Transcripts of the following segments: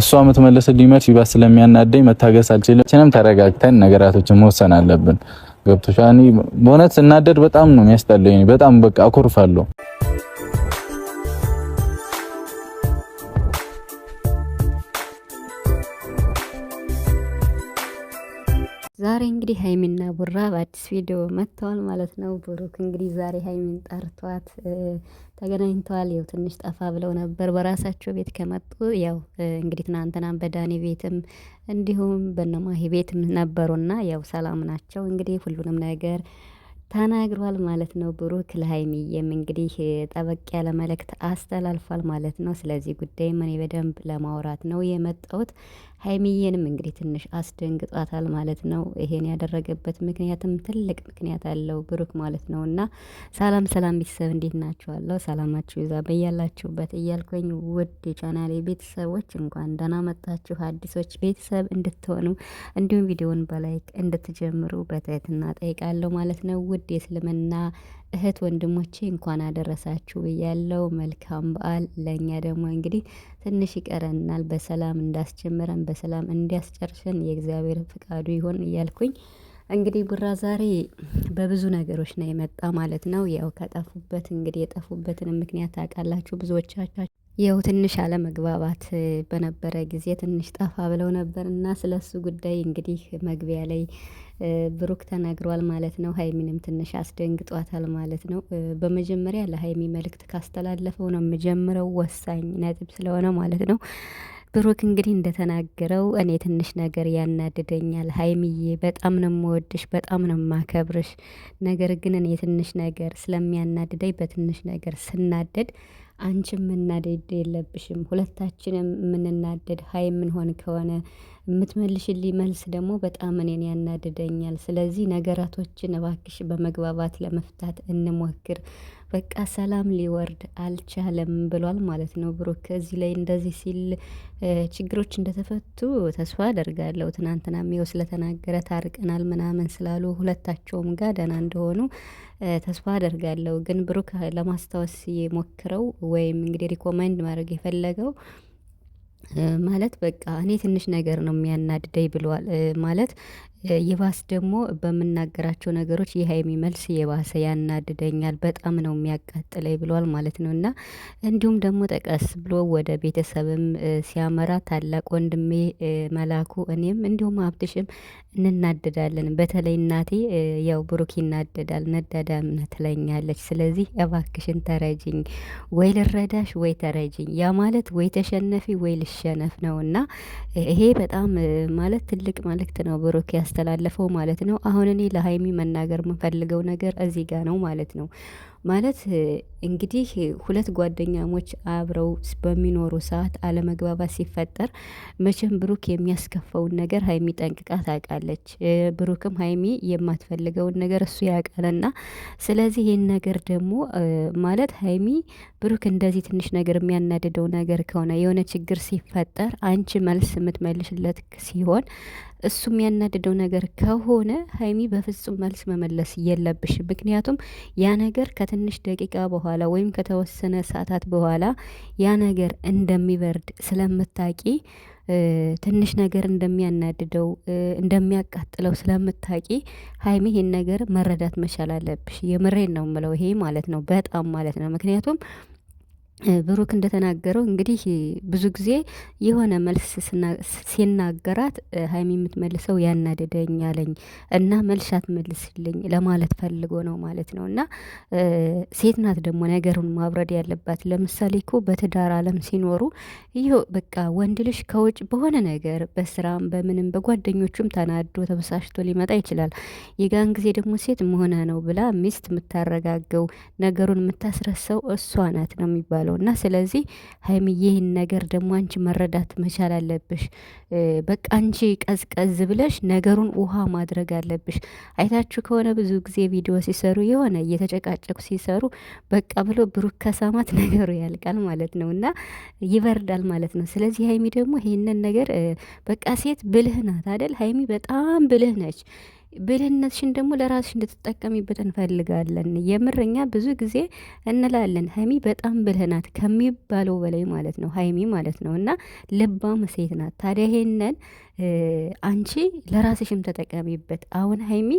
እሷ የምትመለስልኝ መልስ ይባስ ስለሚያናደኝ መታገስ አልችልም። ችንም ተረጋግተን ነገራቶችን መወሰን አለብን። ገብቶሻል። በእውነት ስናደድ በጣም ነው የሚያስጠላኝ። በጣም በቃ አኮርፋለሁ። ዛሬ እንግዲህ ሀይሚና ቡራ በአዲስ ቪዲዮ መጥተዋል ማለት ነው። ብሩክ እንግዲህ ዛሬ ሀይሚን ጠርቷት ተገናኝተዋል። ያው ትንሽ ጠፋ ብለው ነበር በራሳቸው ቤት ከመጡ ያው እንግዲህ ትናንትናም በዳኒ ቤትም እንዲሁም በነማሂ ቤትም ነበሩና ያው ሰላም ናቸው። እንግዲህ ሁሉንም ነገር ተናግሯል ማለት ነው። ብሩክ ለሀይሚዬም እንግዲህ ጠበቅ ያለ መልእክት አስተላልፏል ማለት ነው። ስለዚህ ጉዳይ እኔ በደንብ ለማውራት ነው የመጣሁት ሀይሚዬንም እንግዲህ ትንሽ አስደንግጧታል ማለት ነው። ይሄን ያደረገበት ምክንያትም ትልቅ ምክንያት አለው ብሩክ ማለት ነው። እና ሰላም ሰላም ቤተሰብ እንዴት ናችኋለሁ? ሰላማችሁ ይዛ በያላችሁበት እያልኩኝ ውድ የቻናሌ ቤተሰቦች እንኳን ደህና መጣችሁ። አዲሶች ቤተሰብ እንድትሆኑ እንዲሁም ቪዲዮውን በላይክ እንድትጀምሩ በትህትና ጠይቃለሁ ማለት ነው። ውድ የእስልምና እህት ወንድሞቼ እንኳን አደረሳችሁ ብያለው። መልካም በዓል። ለእኛ ደግሞ እንግዲህ ትንሽ ይቀረናል። በሰላም እንዳስጀምረን በሰላም እንዲያስጨርሰን የእግዚአብሔር ፍቃዱ ይሆን እያልኩኝ እንግዲህ ቡራ ዛሬ በብዙ ነገሮች ነው የመጣ ማለት ነው። ያው ከጠፉበት እንግዲህ የጠፉበትን ምክንያት ታውቃላችሁ ብዙዎቻችሁ። ያው ትንሽ አለመግባባት በነበረ ጊዜ ትንሽ ጠፋ ብለው ነበር እና ስለሱ ጉዳይ እንግዲህ መግቢያ ላይ ብሩክ ተናግሯል ማለት ነው። ሀይሚንም ትንሽ አስደንግጧታል ማለት ነው። በመጀመሪያ ለሀይሚ መልእክት ካስተላለፈው ነው የምጀምረው ወሳኝ ነጥብ ስለሆነ ማለት ነው። ብሩክ እንግዲህ እንደተናገረው እኔ ትንሽ ነገር ያናድደኛል። ሀይሚዬ በጣም ነው የምወድሽ፣ በጣም ነው የማከብርሽ። ነገር ግን እኔ ትንሽ ነገር ስለሚያናድደኝ በትንሽ ነገር ስናደድ አንቺ የምናደድ የለብሽም። ሁለታችንም የምንናደድ ሀይ የምንሆን ከሆነ የምትመልሽልኝ መልስ ደግሞ በጣም እኔን ያናድደኛል። ስለዚህ ነገራቶችን እባክሽ በመግባባት ለመፍታት እንሞክር። በቃ ሰላም ሊወርድ አልቻለም ብሏል ማለት ነው ብሩክ። ከዚህ ላይ እንደዚህ ሲል ችግሮች እንደተፈቱ ተስፋ አደርጋለሁ። ትናንትና ሚው ስለተናገረ ታርቀናል ምናምን ስላሉ ሁለታቸውም ጋር ደህና እንደሆኑ ተስፋ አደርጋለሁ። ግን ብሩክ ለማስታወስ የሞክረው ወይም እንግዲህ ሪኮመንድ ማድረግ የፈለገው ማለት በቃ እኔ ትንሽ ነገር ነው የሚያናድደኝ ብለዋል። ማለት ይባስ ደግሞ በምናገራቸው ነገሮች የሀይሚ መልስ የባሰ ያናድደኛል፣ በጣም ነው የሚያቃጥለኝ ብሏል ማለት ነው። እና እንዲሁም ደግሞ ጠቀስ ብሎ ወደ ቤተሰብም ሲያመራ ታላቅ ወንድሜ መላኩ፣ እኔም እንዲሁም ሀብትሽም እንናደዳለን። በተለይ እናቴ ያው ብሩክ ይናደዳል፣ ነዳዳም ትለኛለች። ስለዚህ እባክሽን ተረጅኝ፣ ወይ ልረዳሽ ወይ ተረጅኝ። ያ ማለት ወይ ተሸነፊ ወይ ልሸነፍ ነው እና ይሄ በጣም ማለት ትልቅ መልእክት ነው ብሩክ ያስ ያስተላለፈው ማለት ነው። አሁን እኔ ለሀይሚ መናገር የምፈልገው ነገር እዚህ ጋ ነው ማለት ነው። ማለት እንግዲህ ሁለት ጓደኛሞች አብረው በሚኖሩ ሰዓት አለመግባባት ሲፈጠር መቼም ብሩክ የሚያስከፈውን ነገር ሀይሚ ጠንቅቃ ታውቃለች። ብሩክም ሀይሚ የማትፈልገውን ነገር እሱ ያውቃልና ስለዚህ ይህን ነገር ደግሞ ማለት ሀይሚ ብሩክ እንደዚህ ትንሽ ነገር የሚያናድደው ነገር ከሆነ የሆነ ችግር ሲፈጠር አንቺ መልስ የምትመልሽለት ሲሆን እሱ የሚያናድደው ነገር ከሆነ ሀይሚ በፍጹም መልስ መመለስ የለብሽ። ምክንያቱም ያ ነገር ከትንሽ ደቂቃ በኋላ ወይም ከተወሰነ ሰዓታት በኋላ ያ ነገር እንደሚበርድ ስለምታቂ ትንሽ ነገር እንደሚያናድደው እንደሚያቃጥለው ስለምታቂ ሀይሚ ይህን ነገር መረዳት መቻል አለብሽ። የምሬን ነው ምለው ይሄ ማለት ነው በጣም ማለት ነው ምክንያቱም ብሩክ እንደተናገረው እንግዲህ ብዙ ጊዜ የሆነ መልስ ሲናገራት ሀይሚ የምትመልሰው ያናደደኝ አለኝ እና መልስ አትመልስልኝ ለማለት ፈልጎ ነው ማለት ነው። እና ሴት ናት ደግሞ ነገሩን ማብረድ ያለባት። ለምሳሌ እኮ በትዳር አለም ሲኖሩ ይህ በቃ ወንድ ልጅ ከውጭ በሆነ ነገር በስራም በምንም በጓደኞቹም ተናዶ ተበሳሽቶ ሊመጣ ይችላል። የጋን ጊዜ ደግሞ ሴት መሆነ ነው ብላ ሚስት የምታረጋገው ነገሩን የምታስረሰው እሷ ናት ነው የሚባለው ያለው እና ስለዚህ ሀይሚ ይህን ነገር ደግሞ አንቺ መረዳት መቻል አለብሽ። በቃ አንቺ ቀዝቀዝ ብለሽ ነገሩን ውሃ ማድረግ አለብሽ። አይታችሁ ከሆነ ብዙ ጊዜ ቪዲዮ ሲሰሩ የሆነ እየተጨቃጨቁ ሲሰሩ በቃ ብሎ ብሩክ ከሳማት ነገሩ ያልቃል ማለት ነው እና ይበርዳል ማለት ነው። ስለዚህ ሀይሚ ደግሞ ይህንን ነገር በቃ ሴት ብልህ ናት አደል? ሀይሚ በጣም ብልህ ነች። ብልህነትሽን ደግሞ ለራስሽ እንድትጠቀሚበት እንፈልጋለን። የምረኛ ብዙ ጊዜ እንላለን ሀይሚ በጣም ብልህ ናት ከሚባለው በላይ ማለት ነው፣ ሀይሚ ማለት ነው። እና ልባም ሴት ናት። ታዲያ ይሄንን አንቺ ለራስሽም ተጠቀሚበት። አሁን ሀይሚ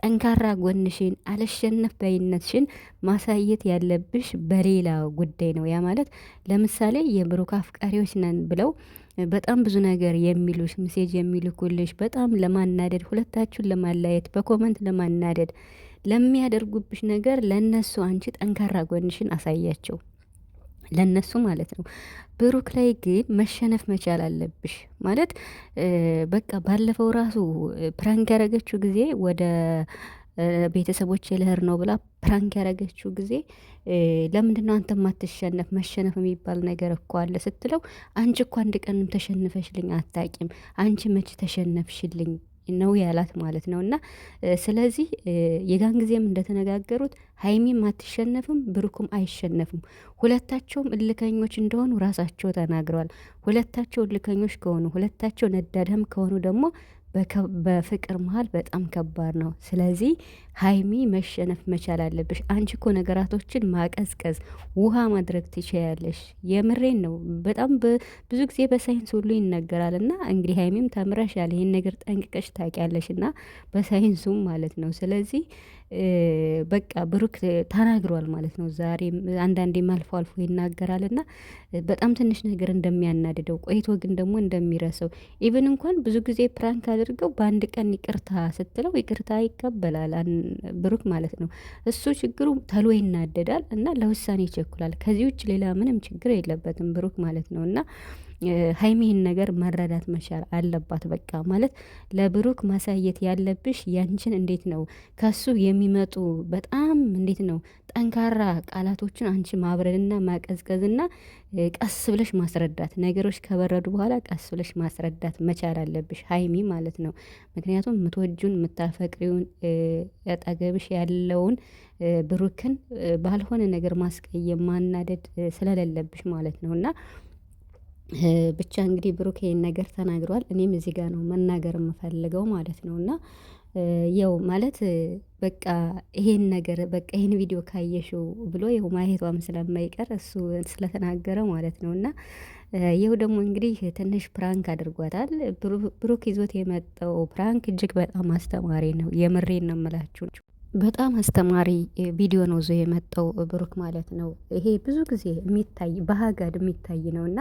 ጠንካራ ጎንሽን፣ አለሸነፍ በይነትሽን ማሳየት ያለብሽ በሌላ ጉዳይ ነው። ያ ማለት ለምሳሌ የብሩክ አፍቃሪዎች ነን ብለው በጣም ብዙ ነገር የሚሉሽ ምሴጅ የሚልኩልሽ በጣም ለማናደድ ሁለታችሁን ለማላየት በኮመንት ለማናደድ ለሚያደርጉብሽ ነገር ለነሱ አንቺ ጠንካራ ጎንሽን አሳያቸው። ለነሱ ማለት ነው። ብሩክ ላይ ግን መሸነፍ መቻል አለብሽ ማለት በቃ ባለፈው ራሱ ፕራንክ ያደረገችው ጊዜ ወደ ቤተሰቦች የልህር ነው ብላ ፕራንክ ያደረገችው ጊዜ ለምንድነው አንተ ማትሸነፍ? መሸነፍ የሚባል ነገር እኮ አለ ስትለው አንቺ እኮ አንድ ቀንም ተሸንፈሽልኝ አታቂም። አንቺ መች ተሸነፍሽልኝ ነው ያላት ማለት ነው። እና ስለዚህ የጋን ጊዜም እንደተነጋገሩት ሀይሚም አትሸነፍም፣ ብሩኩም አይሸነፍም። ሁለታቸውም እልከኞች እንደሆኑ ራሳቸው ተናግረዋል። ሁለታቸው እልከኞች ከሆኑ ሁለታቸው ነዳድህም ከሆኑ ደግሞ በፍቅር መሀል በጣም ከባድ ነው። ስለዚህ ሀይሚ መሸነፍ መቻል አለብሽ። አንቺ እኮ ነገራቶችን ማቀዝቀዝ ውሃ ማድረግ ትችያለሽ። የምሬን ነው። በጣም ብዙ ጊዜ በሳይንስ ሁሉ ይነገራል እና እንግዲህ ሀይሚም ተምረሻል፣ ይህን ነገር ጠንቅቀሽ ታውቂያለሽ እና በሳይንሱም ማለት ነው። ስለዚህ በቃ ብሩክ ተናግሯል ማለት ነው። ዛሬ አንዳንዴም አልፎ አልፎ ይናገራል እና በጣም ትንሽ ነገር እንደሚያናድደው ቆይቶ ግን ደግሞ እንደሚረሰው ኢቨን እንኳን ብዙ ጊዜ ፕራንክ የሚያደርገው በአንድ ቀን ይቅርታ ስትለው ይቅርታ ይቀበላል ብሩክ ማለት ነው። እሱ ችግሩ ተሎ ይናደዳል እና ለውሳኔ ይቸኩላል። ከዚህ ውጭ ሌላ ምንም ችግር የለበትም ብሩክ ማለት ነው እና ሀይሚ ነገር መረዳት መቻል አለባት። በቃ ማለት ለብሩክ ማሳየት ያለብሽ ያንችን እንዴት ነው ከሱ የሚመጡ በጣም እንዴት ነው ጠንካራ ቃላቶችን አንቺ ማብረድና ማቀዝቀዝና ቀስ ብለሽ ማስረዳት፣ ነገሮች ከበረዱ በኋላ ቀስ ብለሽ ማስረዳት መቻል አለብሽ ሀይሚ ማለት ነው። ምክንያቱም ምትወጁን የምታፈቅሪውን ያጠገብሽ ያለውን ብሩክን ባልሆነ ነገር ማስቀየም ማናደድ ስለሌለብሽ ማለት ነው እና ብቻ እንግዲህ ብሩክ ይሄን ነገር ተናግሯል። እኔም እዚህ ጋር ነው መናገር የምፈልገው ማለት ነው እና ያው ማለት በቃ ይሄን ነገር በቃ ይሄን ቪዲዮ ካየሽው ብሎ ያው ማየቷም ስለማይቀር እሱ ስለተናገረ ማለት ነው እና ይኸው ደግሞ እንግዲህ ትንሽ ፕራንክ አድርጓታል። ብሩክ ይዞት የመጣው ፕራንክ እጅግ በጣም አስተማሪ ነው። የምሬን ነው የምላችሁ። በጣም አስተማሪ ቪዲዮ ነው ዞ የመጣው ብሩክ ማለት ነው። ይሄ ብዙ ጊዜ የሚታይ በሀጋድ የሚታይ ነው እና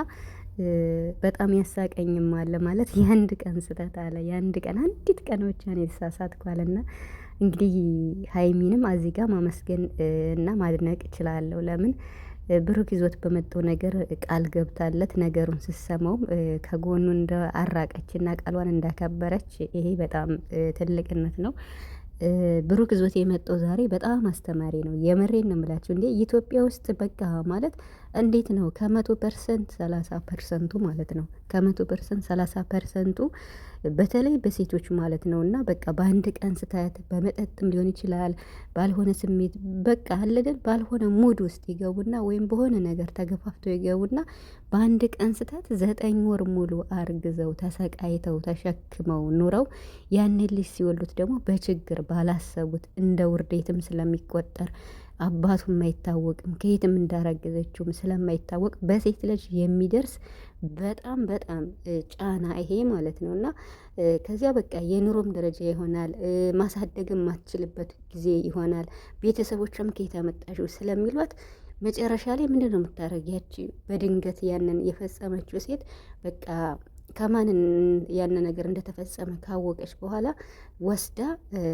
በጣም ያሳቀኝም አለ ማለት የአንድ ቀን ስህተት አለ የአንድ ቀን አንዲት ቀን ብቻ ነው የተሳሳትኩ እንግዲህ ሀይሚንም አዚጋ ማመስገን እና ማድነቅ እችላለሁ። ለምን ብሩክ ይዞት በመጣው ነገር ቃል ገብታለት ነገሩን ስሰማው ከጎኑ እንደ አራቀችና ቃሏን እንዳከበረች ይሄ በጣም ትልቅነት ነው። ብሩክ ይዞት የመጣው ዛሬ በጣም አስተማሪ ነው። የምሬን ነው የምላችሁ እንዴ ኢትዮጵያ ውስጥ በቃ ማለት እንዴት ነው ከመቶ ፐርሰንት ሰላሳ ፐርሰንቱ ማለት ነው ከመቶ ፐርሰንት ሰላሳ ፐርሰንቱ በተለይ በሴቶች ማለት ነው እና በቃ በአንድ ቀን ስታያት በመጠጥም ሊሆን ይችላል ባልሆነ ስሜት በቃ አለደን ባልሆነ ሙድ ውስጥ ይገቡና ወይም በሆነ ነገር ተገፋፍተው ይገቡና በአንድ ቀን ስህተት ዘጠኝ ወር ሙሉ አርግዘው ተሰቃይተው ተሸክመው ኑረው ያንን ልጅ ሲወሉት ደግሞ በችግር ባላሰቡት እንደ ውርዴትም ስለሚቆጠር አባቱም አይታወቅም ከየትም እንዳረገዘችውም ስለማይታወቅ በሴት ልጅ የሚደርስ በጣም በጣም ጫና ይሄ ማለት ነው። እና ከዚያ በቃ የኑሮም ደረጃ ይሆናል፣ ማሳደግም ማትችልበት ጊዜ ይሆናል። ቤተሰቦቿም ከየት አመጣሽው ስለሚሏት መጨረሻ ላይ ምንድን ነው ያቺ በድንገት ያንን የፈጸመችው ሴት በቃ ከማን ያንን ነገር እንደተፈጸመ ካወቀች በኋላ ወስዳ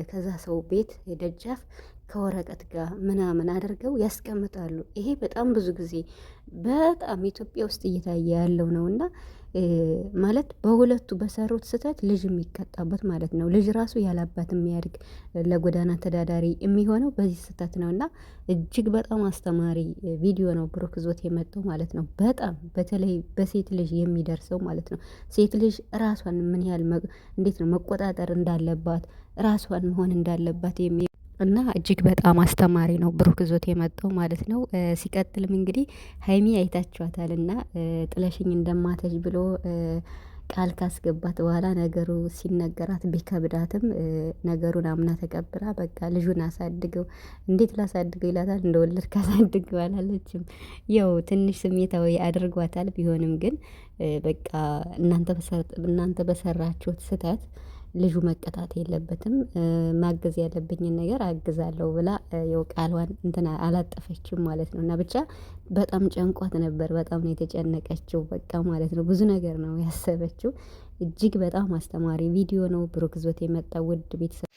ከዛ ሰው ቤት ደጃፍ ከወረቀት ጋር ምናምን አድርገው ያስቀምጣሉ። ይሄ በጣም ብዙ ጊዜ በጣም ኢትዮጵያ ውስጥ እየታየ ያለው ነው እና ማለት በሁለቱ በሰሩት ስህተት ልጅ የሚቀጣበት ማለት ነው። ልጅ ራሱ ያላባት የሚያድግ ለጎዳና ተዳዳሪ የሚሆነው በዚህ ስህተት ነው እና እጅግ በጣም አስተማሪ ቪዲዮ ነው ብሩክ ዞት የመጣው ማለት ነው። በጣም በተለይ በሴት ልጅ የሚደርሰው ማለት ነው። ሴት ልጅ ራሷን ምን ያህል እንዴት ነው መቆጣጠር እንዳለባት ራሷን መሆን እንዳለባት የሚ እና እጅግ በጣም አስተማሪ ነው ብሩክ ይዞት የመጣው ማለት ነው። ሲቀጥልም እንግዲህ ሀይሚ አይታችኋታል እና ጥለሽኝ እንደማተች ብሎ ቃል ካስገባት በኋላ ነገሩ ሲነገራት ቢከብዳትም ነገሩን አምና ተቀብላ በቃ ልጁን አሳድገው እንዴት ላሳድገው ይላታል። ወለድ ካሳድገው አላለችም። ያው ትንሽ ስሜታዊ አድርጓታል። ቢሆንም ግን በቃ እናንተ በሰራችሁት ስህተት ልጁ መቀጣት የለበትም ማገዝ ያለብኝን ነገር አግዛለሁ ብላ የው ቃሏን እንትን አላጠፈችም ማለት ነው። እና ብቻ በጣም ጨንቋት ነበር። በጣም ነው የተጨነቀችው በቃ ማለት ነው። ብዙ ነገር ነው ያሰበችው። እጅግ በጣም አስተማሪ ቪዲዮ ነው ብሩክ የመጣ። ውድ ቤተሰብ